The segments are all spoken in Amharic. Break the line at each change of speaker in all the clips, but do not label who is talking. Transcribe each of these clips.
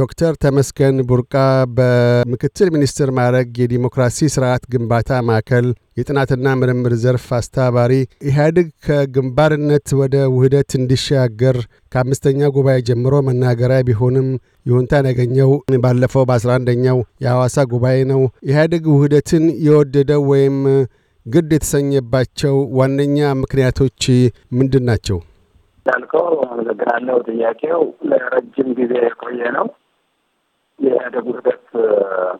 ዶክተር ተመስገን ቡርቃ በምክትል ሚኒስትር ማዕረግ የዲሞክራሲ ስርዓት ግንባታ ማዕከል የጥናትና ምርምር ዘርፍ አስተባባሪ፣ ኢህአዴግ ከግንባርነት ወደ ውህደት እንዲሻገር ከአምስተኛ ጉባኤ ጀምሮ መናገሪያ ቢሆንም ይሁንታን ያገኘው ባለፈው በ11ኛው የሐዋሳ ጉባኤ ነው። ኢህአዴግ ውህደትን የወደደው ወይም ግድ የተሰኘባቸው ዋነኛ ምክንያቶች ምንድን ናቸው?
እንዳልከው አመሰግናለሁ። ጥያቄው ለረጅም ጊዜ የቆየ ነው። የደቡብ ህብረት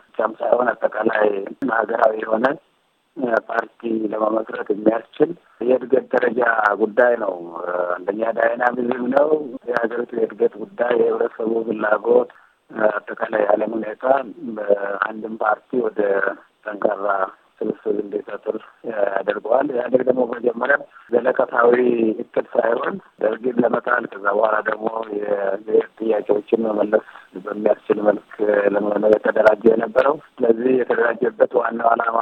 ብቻም ሳይሆን አጠቃላይ ሀገራዊ የሆነ ፓርቲ ለመመስረት የሚያስችል የእድገት ደረጃ ጉዳይ ነው። አንደኛ ዳይናሚዝም ነው የሀገሪቱ የእድገት ጉዳይ፣ የህብረተሰቡ ፍላጎት፣ አጠቃላይ የዓለም ሁኔታ በአንድም ፓርቲ ወደ ጠንካራ ስብስብ እንዲፈጥር ያደርገዋል። ኢህአዴግ ደግሞ መጀመሪያ ዘለቀታዊ እቅድ ሳይሆን ደርግን ለመጣል ከዛ በኋላ ደግሞ የብሔር ጥያቄዎችን መመለስ በሚያስችል መልክ ለመሆነ የተደራጀ የነበረው። ስለዚህ የተደራጀበት ዋናው ዓላማ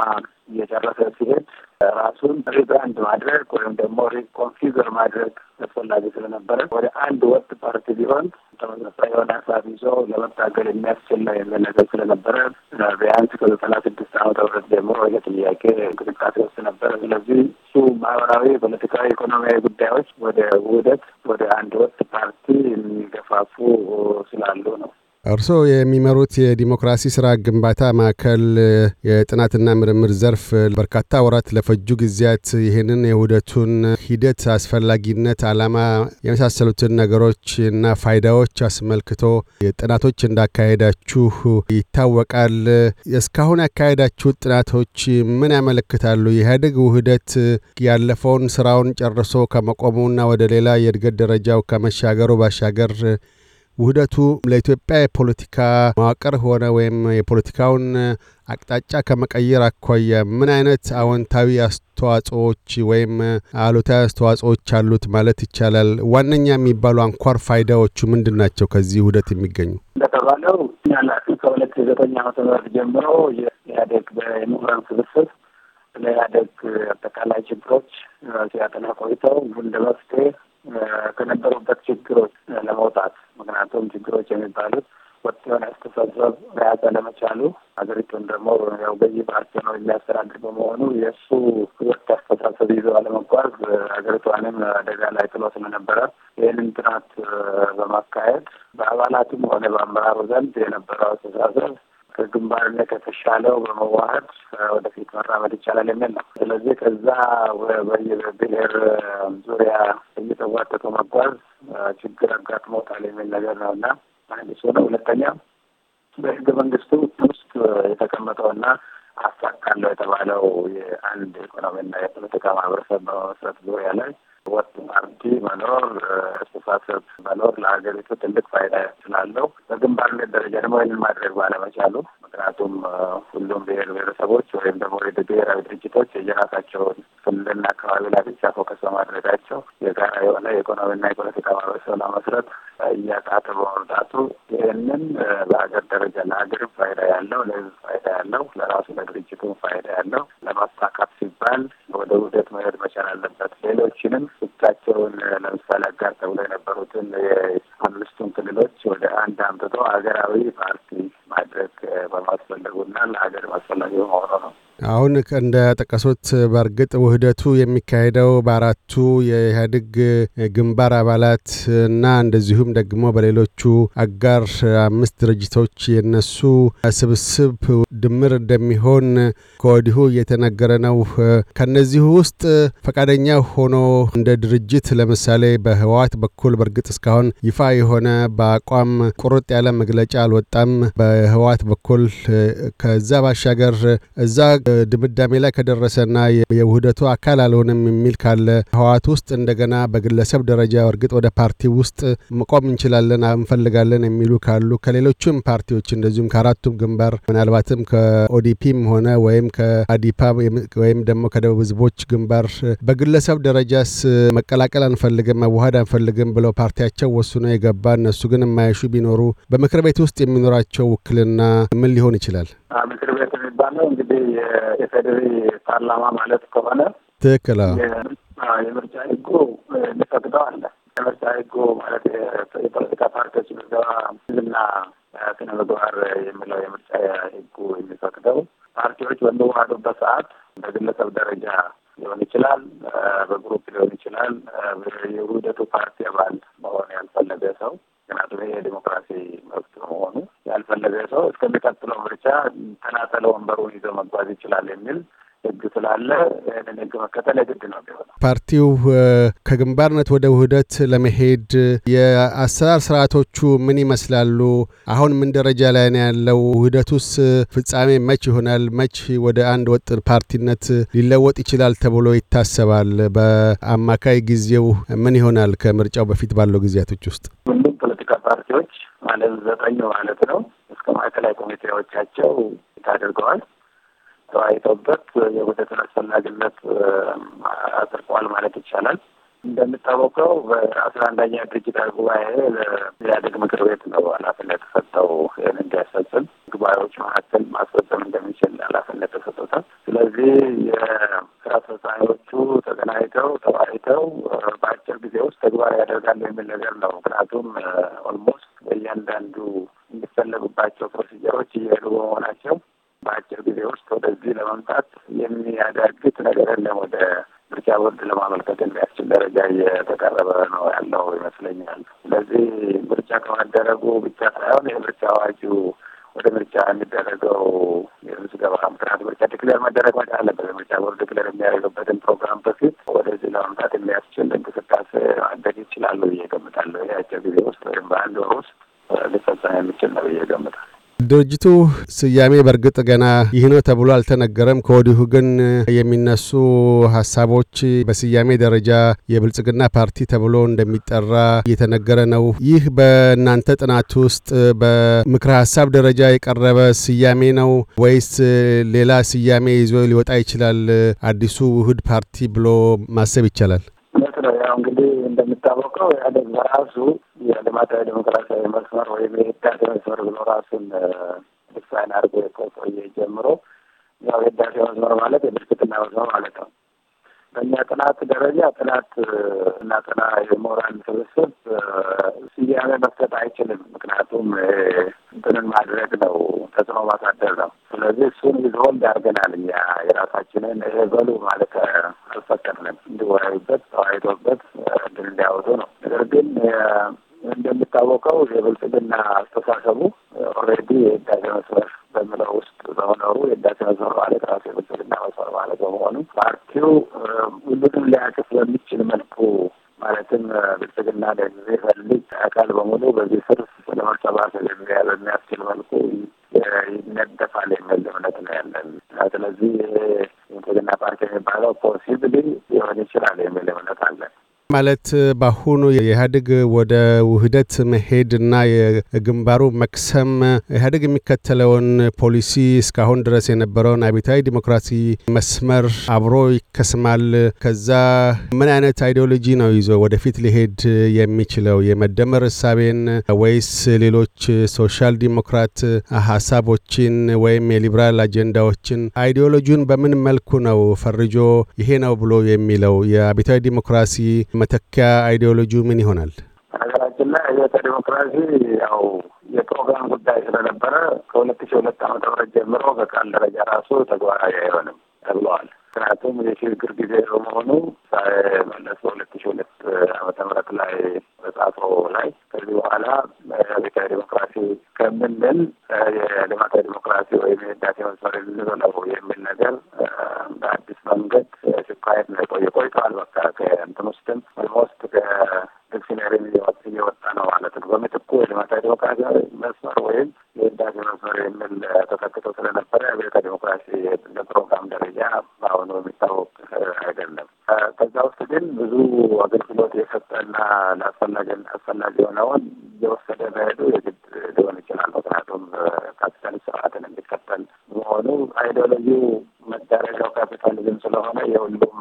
እየጨረሰ ሲሄድ ራሱን ሪብራንድ ማድረግ ወይም ደግሞ ሪኮንፊገር ማድረግ አስፈላጊ ስለነበረ ወደ አንድ ወጥ ፓርቲ ቢሆን ተመሳሳይ የሆነ ሀሳብ ይዞ ለመታገል የሚያስችል ነው የሚል ነገር ስለነበረ ቢያንስ ከዘጠና ስድስት ዓመተ ምህረት ጀምሮ ይሄ ጥያቄ እንቅስቃሴ ውስጥ ነበረ። ስለዚህ እሱ ማህበራዊ፣ ፖለቲካዊ፣ ኢኮኖሚያዊ ጉዳዮች ወደ ውህደት ወደ አንድ ወጥ ፓርቲ የሚገፋፉ
ስላሉ ነው። እርስዎ የሚመሩት የዲሞክራሲ ስራ ግንባታ ማዕከል የጥናትና ምርምር ዘርፍ በርካታ ወራት ለፈጁ ጊዜያት ይህንን የውህደቱን ሂደት አስፈላጊነት፣ ዓላማ የመሳሰሉትን ነገሮች እና ፋይዳዎች አስመልክቶ ጥናቶች እንዳካሄዳችሁ ይታወቃል። እስካሁን ያካሄዳችሁ ጥናቶች ምን ያመለክታሉ? ኢህአዴግ ውህደት ያለፈውን ስራውን ጨርሶ ከመቆሙና ወደ ሌላ የእድገት ደረጃው ከመሻገሩ ባሻገር ውህደቱ ለኢትዮጵያ የፖለቲካ መዋቅር ሆነ ወይም የፖለቲካውን አቅጣጫ ከመቀየር አኳያ ምን አይነት አዎንታዊ አስተዋጽኦዎች ወይም አሉታዊ አስተዋጽኦዎች አሉት ማለት ይቻላል? ዋነኛ የሚባሉ አንኳር ፋይዳዎቹ ምንድን ናቸው? ከዚህ ውህደት የሚገኙ እንደተባለው
ያላችሁ ከሁለት ዘጠኝ ዓመተ ምህረት ጀምሮ የኢህአዴግ በምሁራን ስብስብ ለኢህአዴግ አጠቃላይ ችግሮች ሲያጠና ቆይተው እንደ ከነበሩበት ችግሮች ለመውጣት ምክንያቱም ችግሮች የሚባሉት ወጥ የሆነ አስተሳሰብ መያዝ አለመቻሉ ሀገሪቱን ደግሞ ያው ገዢ ፓርቲ ነው የሚያስተዳድር በመሆኑ የእሱ ወጥ አስተሳሰብ ይዞ አለመጓዝ ሀገሪቷንም አደጋ ላይ ጥሎ ስለነበረ ይህንን ጥናት በማካሄድ በአባላትም ሆነ በአመራሩ ዘንድ የነበረው አስተሳሰብ ከግንባርነት የተሻለው በመዋሀድ ወደፊት መራመድ ይቻላል የሚል ነው። ስለዚህ ከዛ በብሔር ዙሪያ እየተጓተቱ መጓዝ ችግር አጋጥሞታል የሚል ነገር ነው እና አንድ ሲሆነ ነው። ሁለተኛ በህገ መንግስቱ ውስጥ እና አሳካለው የተባለው የአንድ ኢኮኖሚና የፖለቲካ ማህበረሰብ በመመስረት ዙሪያ ላይ ወጥ ፓርቲ መኖር አስተሳሰብ መኖር ለሀገሪቱ ትልቅ ፋይዳ ስላለው በግንባር ነት ደረጃ ደግሞ ይህንን ማድረግ ባለመቻሉ ምክንያቱም ሁሉም ብሔር ብሔረሰቦች ወይም ደግሞ ብሔራዊ ድርጅቶች የየራሳቸውን ክልልና አካባቢ ላይ ብቻ ፎከስ በማድረጋቸው የጋራ የሆነ የኢኮኖሚና የፖለቲካ ማህበረሰብ ለመስረት እያጣት በመምጣቱ ይህንን በሀገር ደረጃ ለሀገር ፋይዳ ያለው ለህዝብ ፋይዳ ያለው ለራሱ ለድርጅቱም ፋይዳ ያለው ለማሳካት ሲባል ወደ ውህደት መሄድ መቻል አለበት። ሌሎችንም ስታቸውን ለምሳሌ አጋር ተብሎ የነበሩትን የአምስቱን ክልሎች ወደ አንድ አምጥቶ ሀገራዊ ፓርቲ ማድረግ በማስፈለጉና ለሀገር ማስፈላጊ መሆኑ ነው።
አሁን እንደጠቀሱት በእርግጥ ውህደቱ የሚካሄደው በአራቱ የኢህአዴግ ግንባር አባላት እና እንደዚሁም ደግሞ በሌሎቹ አጋር አምስት ድርጅቶች የነሱ ስብስብ ድምር እንደሚሆን ከወዲሁ እየተነገረ ነው። ከነዚሁ ውስጥ ፈቃደኛ ሆኖ እንደ ድርጅት ለምሳሌ በህወሓት በኩል በእርግጥ እስካሁን ይፋ የሆነ በአቋም ቁርጥ ያለ መግለጫ አልወጣም። በህወሓት በኩል ከዛ ባሻገር እዛ ድምዳሜ ላይ ከደረሰና የውህደቱ አካል አልሆንም የሚል ካለ ህወሓት ውስጥ እንደገና በግለሰብ ደረጃ እርግጥ ወደ ፓርቲ ውስጥ መቆም እንችላለን እንፈልጋለን የሚሉ ካሉ ከሌሎችም ፓርቲዎች እንደዚሁም ከአራቱም ግንባር ምናልባትም ከኦዲፒም ሆነ ወይም ከአዲፓ ወይም ደግሞ ከደቡብ ህዝቦች ግንባር በግለሰብ ደረጃስ መቀላቀል አንፈልግም መዋሃድ አንፈልግም ብለው ፓርቲያቸው ወስኖ የገባ እነሱ ግን የማያሹ ቢኖሩ በምክር ቤት ውስጥ የሚኖራቸው ውክልና ምን ሊሆን ይችላል?
ምክር ቤት የሚባለው እንግዲህ የፌዴሪ ፓርላማ ማለት ከሆነ ትክክል የምርጫ ህጉ የሚፈቅደው አለ። የምርጫ ህጉ ማለት የፖለቲካ ፓርቲዎች ምዝገባ ህዝብና ስነ ምግባር የሚለው የምርጫ ህጉ የሚፈቅደው ፓርቲዎች በሚዋሃዱበት ሰዓት በግለሰብ ደረጃ ሊሆን ይችላል፣ በግሩፕ ሊሆን ይችላል። የውህደቱ ፓርቲ አባል መሆን ያልፈለገ ሰው ምክንያቱም ይሄ የዲሞክራሲ መብት መሆኑ ያልፈለገ ሰው እስከሚቀጥለው ምርጫ ተናጠለ ወንበሩን ይዞ መጓዝ ይችላል የሚል ህግ ስላለ ይህንን ህግ መከተል የግድ
ነው የሚሆነው። ፓርቲው ከግንባርነት ወደ ውህደት ለመሄድ የአሰራር ስርዓቶቹ ምን ይመስላሉ? አሁን ምን ደረጃ ላይ ነው ያለው? ውህደቱስ ፍጻሜ መች ይሆናል? መች ወደ አንድ ወጥ ፓርቲነት ሊለወጥ ይችላል ተብሎ ይታሰባል? በአማካይ ጊዜው ምን ይሆናል? ከምርጫው በፊት ባለው ጊዜያቶች ውስጥ ሁሉም ፖለቲካ ፓርቲዎች ማለት
ዘጠኙ ማለት ነው እስከ ማዕከላዊ ኮሚቴዎቻቸው ታደርገዋል ተወያይተውበት የውህደትን አስፈላጊነት አጽድቋል ማለት ይቻላል። እንደምታወቀው በአስራ አንደኛ ድርጅታዊ ጉባኤ ለኢህአዴግ ምክር ቤት ነው ኃላፊነት ተሰጠው ይህን እንዲያስፈጽም ጉባኤዎች መካከል ማስፈጸም እንደሚችል ኃላፊነት ተሰጥቶታል። ስለዚህ ተዋሳኞቹ ተገናኝተው ተወያይተው በአጭር ጊዜ ውስጥ ተግባር ያደርጋሉ የሚል ነገር ነው። ምክንያቱም ኦልሞስት በእያንዳንዱ የሚፈለጉባቸው ፕሮሲጀሮች እየሄዱ በመሆናቸው በአጭር ጊዜ ውስጥ ወደዚህ ለመምጣት የሚያዳግት ነገር የለም። ወደ ምርጫ ቦርድ ለማመልከት የሚያስችል ደረጃ እየተቀረበ ነው ያለው ይመስለኛል። ስለዚህ ምርጫ ከመደረጉ ብቻ ሳይሆን የምርጫ አዋጁ ወደ ምርጫ የሚደረገው የምዝገባ ምክንያት ምርጫ ዲክሌር መደረግ መቻል አለበት። ምርጫ ቦርድ ዲክሌር የሚያደርግበትን ፕሮግራም በፊት ወደዚህ ለመምጣት የሚያ
ድርጅቱ ስያሜ በእርግጥ ገና ይህ ነው ተብሎ አልተነገረም። ከወዲሁ ግን የሚነሱ ሀሳቦች በስያሜ ደረጃ የብልጽግና ፓርቲ ተብሎ እንደሚጠራ እየተነገረ ነው። ይህ በእናንተ ጥናት ውስጥ በምክረ ሀሳብ ደረጃ የቀረበ ስያሜ ነው ወይስ ሌላ ስያሜ ይዞ ሊወጣ ይችላል? አዲሱ ውህድ ፓርቲ ብሎ ማሰብ ይቻላል?
እንደምናውቀው ኢህአዴግ በራሱ የልማታዊ ዴሞክራሲያዊ መስመር ወይም የህዳሴ መስመር ብሎ ራሱን ዲፋይን አድርጎ የቆየ ጀምሮ ያው የህዳሴ መስመር ማለት የብልጽግና መስመር ማለት ነው። በእኛ ጥናት ደረጃ ጥናት እና ጥና የሞራል ስብስብ ስያሜ መስጠት አይችልም። ምክንያቱም እንትንን ማድረግ ነው፣ ተጽዕኖ ማሳደር ነው። ስለዚህ እሱን ይዞን ዳርገናል። እኛ የራሳችንን እህበሉ ማለት አልፈቀድንም። እንዲወያዩበት ተዋይቶበት እቅዶችን እንዳያወጡ ነው። ነገር ግን እንደሚታወቀው የብልጽግና አስተሳሰቡ ኦልሬዲ የህዳሴ መስመር በምለው ውስጥ በመኖሩ የህዳሴ መስመር ማለት ራሱ የብልጽግና መስመር ማለት በመሆኑ ፓርቲው ሁሉንም ሊያቅፍ በሚችል መልኩ ማለትም ብልጽግና ፈልግ አካል በሙሉ በዚህ ስር ለመሰባሰብ በሚያስችል መልኩ ይነደፋል የሚል እምነት ነው ያለን። ስለዚህ ይሄ ብልጽግና ፓርቲ የሚባለው ፖሲብሊ ሊሆን ይችላል የሚል እምነት አለን።
ማለት በአሁኑ የኢህአዴግ ወደ ውህደት መሄድና የግንባሩ መክሰም ኢህአዴግ የሚከተለውን ፖሊሲ እስካሁን ድረስ የነበረውን አብዮታዊ ዲሞክራሲ መስመር አብሮ ይከስማል። ከዛ ምን አይነት አይዲዮሎጂ ነው ይዞ ወደፊት ሊሄድ የሚችለው? የመደመር እሳቤን ወይስ ሌሎች ሶሻል ዲሞክራት ሀሳቦችን ወይም የሊበራል አጀንዳዎችን? አይዲዮሎጂውን በምን መልኩ ነው ፈርጆ ይሄ ነው ብሎ የሚለው የአብዮታዊ ዲሞክራሲ መተኪያ አይዲዮሎጂው ምን ይሆናል? ሀገራችን ላይ አብዮተ ዲሞክራሲ
ያው የፕሮግራም ጉዳይ ስለነበረ ከሁለት ሺ ሁለት ዓመተ ምህረት ጀምሮ በቃል ደረጃ ራሱ ተግባራዊ አይሆንም ተብለዋል። ምክንያቱም የሽግግር ጊዜ በመሆኑ መለስ በሁለት ሺ ሁለት ዓመተ ምህረት ላይ በጻፈው ላይ ከዚህ በኋላ አብዮታዊ ዲሞክራሲ ከምንል የልማታዊ ዲሞክራሲ ወይም የህዳሴ መስመር ልንለው የሚል ነገር በአዲስ መንገድ እርምጃውን እየወሰደ መሄዱ የግድ ሊሆን ይችላል። ምክንያቱም ካፒታሊስት ስርዓትን የሚከተል መሆኑ አይዲዮሎጂው መዳረሻው ካፒታሊዝም ስለሆነ የሁሉም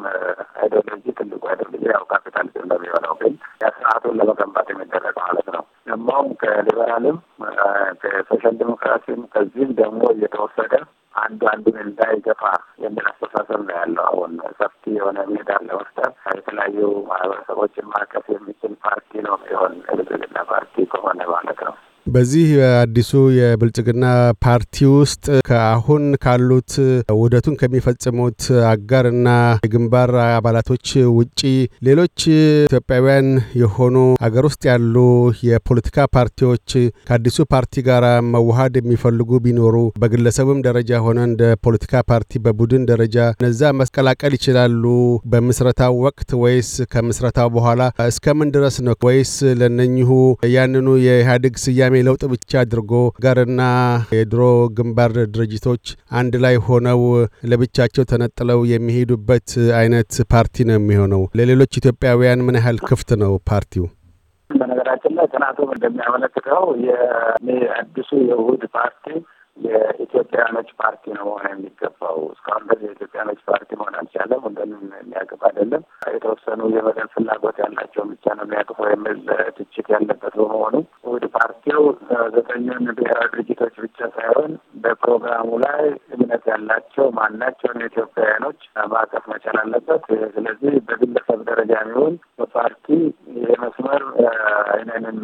አይዲዮሎጂ ትልቁ አይዲዮሎጂ ያው ካፒታሊዝም እንደሚሆነው ግን ያ ስርዓቱን ለመገንባት የሚደረግ ማለት ነው። ደግሞም ከሊበራልም የሆነ ሜዳ ለመፍጠር የተለያዩ ማህበረሰቦችን ማቀፍ የሚችል ፓርቲ ነው ሲሆን ብልጽግና ፓርቲ
ከሆነ ማለት ነው። በዚህ አዲሱ የብልጽግና ፓርቲ ውስጥ ከአሁን ካሉት ውህደቱን ከሚፈጽሙት አጋር እና የግንባር አባላቶች ውጪ ሌሎች ኢትዮጵያውያን የሆኑ አገር ውስጥ ያሉ የፖለቲካ ፓርቲዎች ከአዲሱ ፓርቲ ጋር መዋሃድ የሚፈልጉ ቢኖሩ በግለሰብም ደረጃ ሆነ እንደ ፖለቲካ ፓርቲ በቡድን ደረጃ እነዛ መቀላቀል ይችላሉ። በምስረታው ወቅት ወይስ ከምስረታው በኋላ እስከምን ድረስ ነው? ወይስ ለነኝሁ ያንኑ የኢህአዴግ ስያሜ የፍጻሜ ለውጥ ብቻ አድርጎ ጋርና የድሮ ግንባር ድርጅቶች አንድ ላይ ሆነው ለብቻቸው ተነጥለው የሚሄዱበት አይነት ፓርቲ ነው የሚሆነው። ለሌሎች ኢትዮጵያውያን ምን ያህል ክፍት ነው ፓርቲው?
በነገራችን ላይ ጥናቱም እንደሚያመለክተው የአዲሱ የውህድ ፓርቲ የኢትዮጵያ ነጭ ፓርቲ ነው መሆን የሚገባው። እስካሁን ድረስ የኢትዮጵያ ነጭ ፓርቲ መሆን አልቻለም። ሁሉንም የሚያቅፍ አይደለም። የተወሰኑ የበደል ፍላጎት ያላቸውን ብቻ ነው የሚያቅፈው የሚል ትችት ያለበት በመሆኑ ውህድ ፓርቲው ዘጠኙን ብሔራዊ ድርጅቶች ብቻ ሳይሆን በፕሮግራሙ ላይ እምነት ያላቸው ማናቸውን የኢትዮጵያውያኖች ማቀፍ መቻል አለበት። ስለዚህ በግለሰብ ደረጃ የሚሆን በፓርቲ የመስመር አይነንን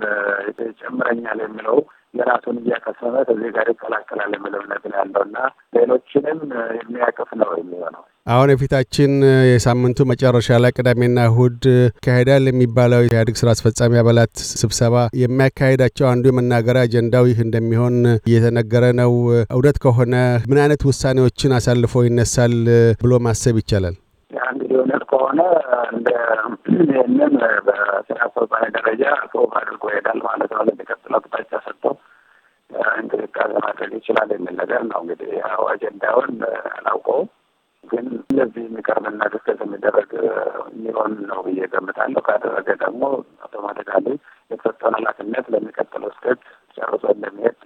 ጨምረኛል የሚለው የራሱን እያከሰመ ከዚህ ጋር ይቀላቀላል የሚል እምነት ነው ያለው እና ሌሎችንም የሚያቅፍ ነው የሚሆነው።
አሁን የፊታችን የሳምንቱ መጨረሻ ላይ ቅዳሜና እሁድ ይካሄዳል የሚባለው የኢህአዴግ ስራ አስፈጻሚ አባላት ስብሰባ የሚያካሄዳቸው አንዱ የመናገሪያ አጀንዳው ይህ እንደሚሆን እየተነገረ ነው። እውነት ከሆነ ምን አይነት ውሳኔዎችን አሳልፎ ይነሳል ብሎ ማሰብ ይቻላል?
ከሆነ ይህንን በስራ አስፈጻሚ ደረጃ ፕሮቭ አድርጎ ይሄዳል ማለት ነው። ለሚቀጥለው አቅጣጫ ሰጥቶ እንቅስቃሴ ማድረግ ይችላል የሚል ነገር ነው። እንግዲህ ያው አጀንዳውን አላውቀውም፣ ግን እንደዚህ የሚቀርብና ዲስከስ የሚደረግ የሚሆን ነው ብዬ ገምታለሁ። ካደረገ ደግሞ አውቶማቲካሊ የተሰጠውን ኃላፊነት ለሚቀጥለው ስቴት
ጨርሶ እንደሚሄድ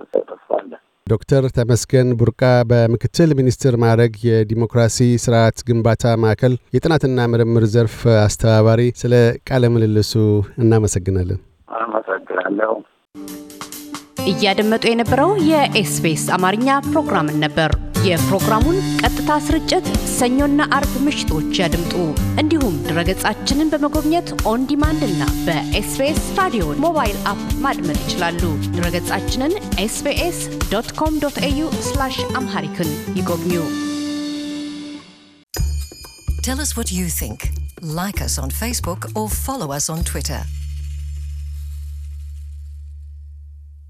ዶክተር ተመስገን ቡርቃ በምክትል ሚኒስትር ማዕረግ የዲሞክራሲ ስርዓት ግንባታ ማዕከል የጥናትና ምርምር ዘርፍ አስተባባሪ፣ ስለ ቃለ ምልልሱ እናመሰግናለን።
አመሰግናለሁ።
እያደመጡ የነበረው የኤስቢኤስ አማርኛ ፕሮግራምን ነበር። የፕሮግራሙን ቀጥታ ስርጭት ሰኞና አርብ ምሽቶች ያድምጡ። እንዲሁም ድረገጻችንን በመጎብኘት ኦን ዲማንድ እና በኤስቢኤስ ራዲዮ ሞባይል አፕ ማድመጥ ይችላሉ። ድረገጻችንን ኤስቢኤስ ዶት ኮም ዶት ኤዩ አምሃሪክን ይጎብኙ። Tell us what you ፌስቡክ Like us on Facebook or